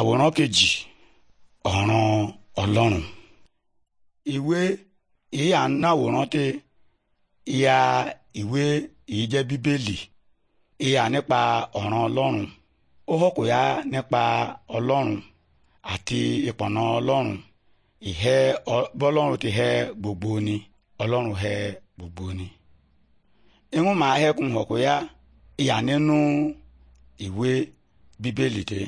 àwòrán kejì ọ̀ràn ọlọ́run ìwé ìyí à ń náwòrán tẹ ìyá ìwé ìyí jẹ́ bíbélì ìyá nípa ọ̀ràn ọlọ́run ó họ́kò yá nípa ọlọ́run àti ìpọ̀nà ọlọ́run ìhẹ́ bọ́lọ́run ti hẹ́ gbogbo ni ọlọ́run hẹ́ gbogbo ni ìhun màá hẹ́kùn họ́kò yá ìyá nínú ìwé bíbélì tẹ́